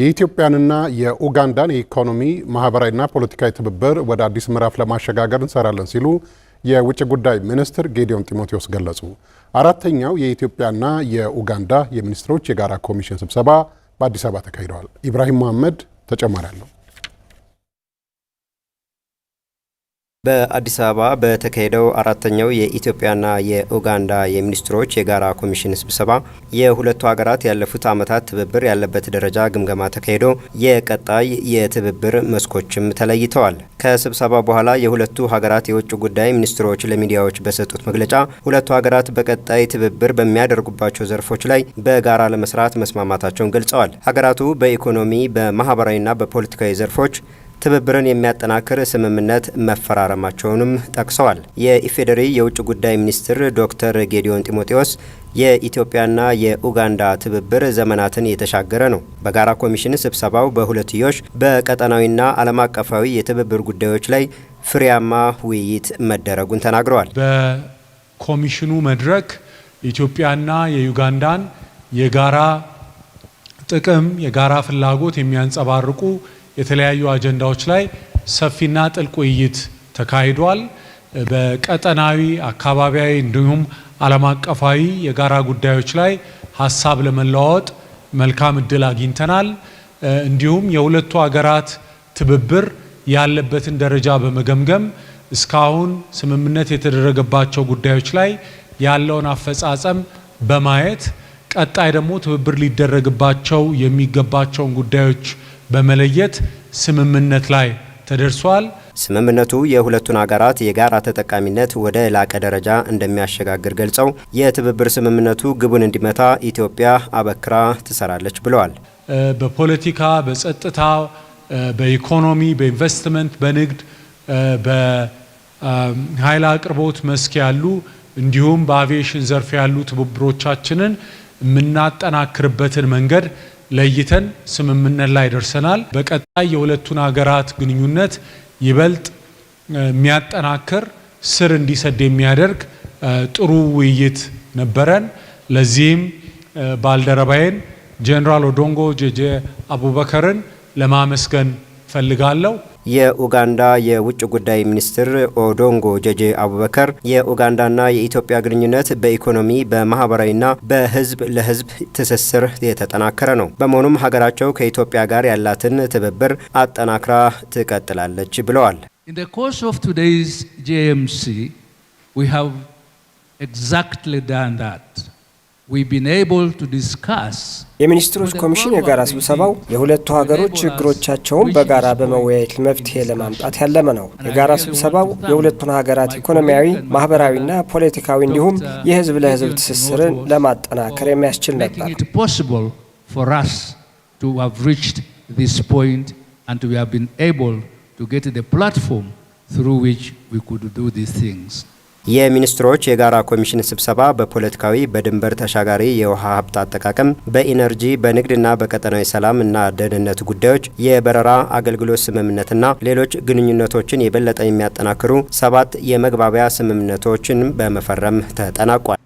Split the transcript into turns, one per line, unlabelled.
የኢትዮጵያንና የኡጋንዳን የኢኮኖሚ ማህበራዊና ፖለቲካዊ ትብብር ወደ አዲስ ምዕራፍ ለማሸጋገር እንሰራለን ሲሉ የውጭ ጉዳይ ሚኒስትር ጌዲዮን ጢሞቴዎስ ገለጹ። አራተኛው የኢትዮጵያና የኡጋንዳ የሚኒስትሮች የጋራ ኮሚሽን ስብሰባ በአዲስ አበባ ተካሂደዋል። ኢብራሂም መሐመድ ተጨማሪ አለው።
በአዲስ አበባ በተካሄደው አራተኛው የኢትዮጵያና የኡጋንዳ የሚኒስትሮች የጋራ ኮሚሽን ስብሰባ የሁለቱ ሀገራት ያለፉት ዓመታት ትብብር ያለበት ደረጃ ግምገማ ተካሂዶ የቀጣይ የትብብር መስኮችም ተለይተዋል። ከስብሰባ በኋላ የሁለቱ ሀገራት የውጭ ጉዳይ ሚኒስትሮች ለሚዲያዎች በሰጡት መግለጫ ሁለቱ ሀገራት በቀጣይ ትብብር በሚያደርጉባቸው ዘርፎች ላይ በጋራ ለመስራት መስማማታቸውን ገልጸዋል። ሀገራቱ በኢኮኖሚ በማህበራዊና በፖለቲካዊ ዘርፎች ትብብርን የሚያጠናክር ስምምነት መፈራረማቸውንም ጠቅሰዋል። የኢፌዴሪ የውጭ ጉዳይ ሚኒስትር ዶክተር ጌዲዮን ጢሞቴዎስ የኢትዮጵያና የኡጋንዳ ትብብር ዘመናትን የተሻገረ ነው። በጋራ ኮሚሽን ስብሰባው በሁለትዮሽ በቀጠናዊና ዓለም አቀፋዊ የትብብር ጉዳዮች ላይ ፍሬያማ ውይይት መደረጉን ተናግረዋል።
በኮሚሽኑ መድረክ ኢትዮጵያና የዩጋንዳን የጋራ ጥቅም፣ የጋራ ፍላጎት የሚያንጸባርቁ የተለያዩ አጀንዳዎች ላይ ሰፊና ጥልቅ ውይይት ተካሂዷል። በቀጠናዊ አካባቢያዊ፣ እንዲሁም ዓለም አቀፋዊ የጋራ ጉዳዮች ላይ ሀሳብ ለመለዋወጥ መልካም እድል አግኝተናል። እንዲሁም የሁለቱ ሀገራት ትብብር ያለበትን ደረጃ በመገምገም እስካሁን ስምምነት የተደረገባቸው ጉዳዮች ላይ ያለውን አፈጻጸም በማየት ቀጣይ ደግሞ ትብብር ሊደረግባቸው የሚገባቸውን ጉዳዮች በመለየት ስምምነት ላይ ተደርሷል።
ስምምነቱ የሁለቱን ሀገራት የጋራ ተጠቃሚነት ወደ ላቀ ደረጃ እንደሚያሸጋግር ገልጸው የትብብር ስምምነቱ ግቡን እንዲመታ ኢትዮጵያ አበክራ ትሰራለች ብለዋል።
በፖለቲካ፣ በጸጥታ፣ በኢኮኖሚ፣ በኢንቨስትመንት፣ በንግድ፣ በኃይል አቅርቦት መስክ ያሉ እንዲሁም በአቪዬሽን ዘርፍ ያሉ ትብብሮቻችንን የምናጠናክርበትን መንገድ ለይተን ስምምነት ላይ ደርሰናል። በቀጣይ የሁለቱን ሀገራት ግንኙነት ይበልጥ የሚያጠናክር ስር እንዲሰድ የሚያደርግ ጥሩ ውይይት ነበረን። ለዚህም ባልደረባዬን ጄኔራል ኦዶንጎ ጄጄ አቡበከርን ለማመስገን ፈልጋለሁ።
የኡጋንዳ የውጭ ጉዳይ ሚኒስትር ኦዶንጎ ጀጄ አቡበከር የኡጋንዳና የኢትዮጵያ ግንኙነት በኢኮኖሚ በማህበራዊና በህዝብ ለህዝብ ትስስር የተጠናከረ ነው። በመሆኑም ሀገራቸው ከኢትዮጵያ ጋር ያላትን ትብብር አጠናክራ ትቀጥላለች ብለዋል።
In the course of today's JMC, we have exactly done that.
የሚኒስትሮች ኮሚሽን የጋራ ስብሰባው የሁለቱ ሀገሮች ችግሮቻቸውን በጋራ በመወያየት መፍትሄ ለማምጣት ያለመ ነው። የጋራ ስብሰባው የሁለቱን ሀገራት ኢኮኖሚያዊ፣ ማህበራዊና ፖለቲካዊ እንዲሁም የህዝብ ለህዝብ ትስስርን ለማጠናከር የሚያስችል ነበር። የሚኒስትሮች የጋራ ኮሚሽን ስብሰባ በፖለቲካዊ፣ በድንበር ተሻጋሪ የውሃ ሀብት አጠቃቀም፣ በኢነርጂ፣ በንግድና በቀጠናዊ ሰላም እና ደህንነት ጉዳዮች፣ የበረራ አገልግሎት ስምምነትና ሌሎች ግንኙነቶችን የበለጠ የሚያጠናክሩ ሰባት የመግባቢያ ስምምነቶችን በመፈረም ተጠናቋል።